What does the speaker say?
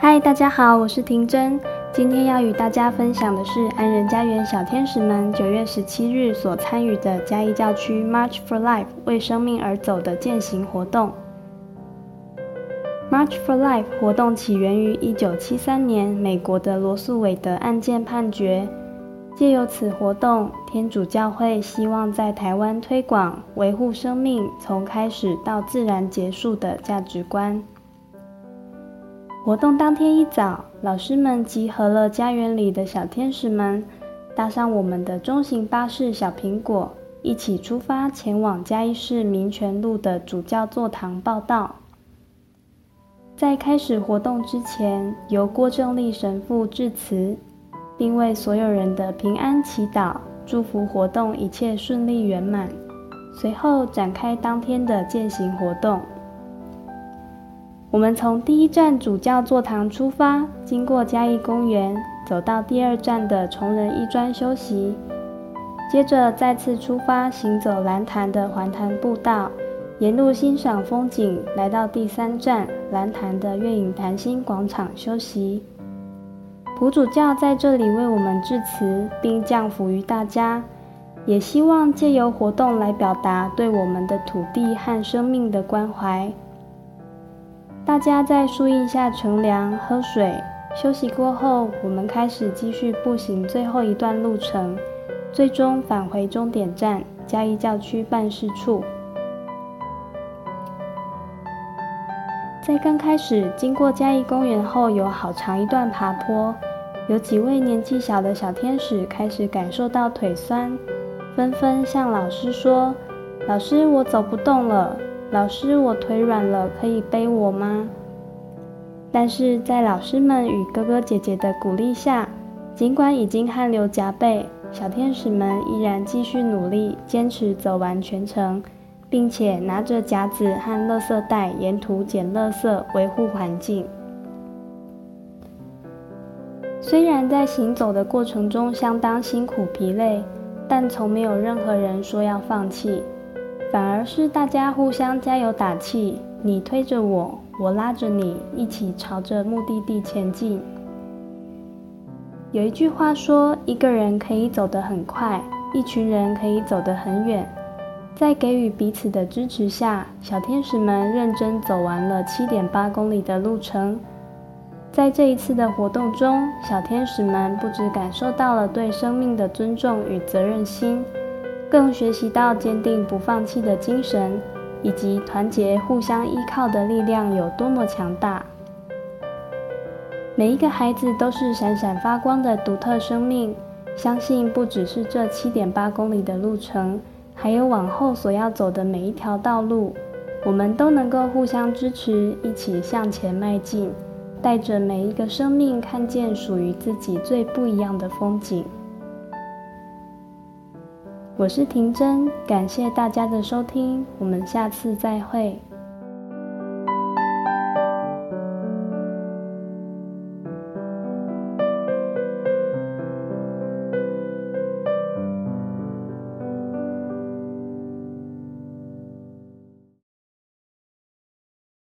嗨，大家好，我是婷珍，今天要與大家分享的是安仁家園小天使們九月十七日所參與的嘉義教區 March for Life 為生命而走的健行活動。March for Life 活動起源於一九七三年美國的羅素韋德案件判決，借由此活動，天主教會希望在台灣推廣維護生命從開始到自然結束的價值觀。活動當天一早，老師們集合了家園裡的小天使們，搭上我們的中型巴士“小蘋果”，一起出發前往嘉義市民權路的主教座堂報到。在開始活動之前，由郭正立神父致辭，並為所有人的平安祈禱，祝福活動一切順利圓滿。隨後展開當天的健行活動。我們從第一站主教座堂出發，經過嘉義公園，走到第二站的崇仁醫專休息，接着再次出發，行走蘭潭的環潭步道，沿路欣賞風景，來到第三站蘭潭的月影潭心廣場休息。普主教在這裡為我們致辭，並降福於大家，也希望借由活動來表達對我們的土地和生命的關懷。大家在樹蔭下乘涼、喝水、休息過後，我們開始繼續步行最後一段路程，最終返回終點站嘉義教區辦事處。在剛開始經過嘉義公園後，有好長一段爬坡，有幾位年紀小的小天使開始感受到腿酸，紛紛向老師說：“老師，我走不動了。”老師，我腿軟了，可以背我嗎？但是在老師們與哥哥姐姐的鼓勵下，儘管已經汗流浹背，小天使們依然繼續努力，堅持走完全程，並且拿着夾子和垃圾袋沿途撿垃圾，維護環境。雖然在行走的過程中相當辛苦疲累，但從沒有任何人說要放棄。反而是大家互相加油打氣，你推着我，我拉着你，一起朝着目的地前進。有一句話說，一個人可以走得很快，一群人可以走得很遠。在給予彼此的支持下，小天使們認真走完了七點八公里的路程。在這一次的活動中，小天使們不止感受到了對生命的尊重與責任心。更學習到堅定不放棄的精神，以及團結互相依靠的力量有多麼強大。每一個孩子都是閃閃發光的獨特生命，相信不只是這七點八公里的路程，還有往後所要走的每一條道路，我們都能夠互相支持，一起向前邁進，帶着每一個生命看見屬於自己最不一樣的風景。我是婷珍，感謝大家的收聽，我們下次再會。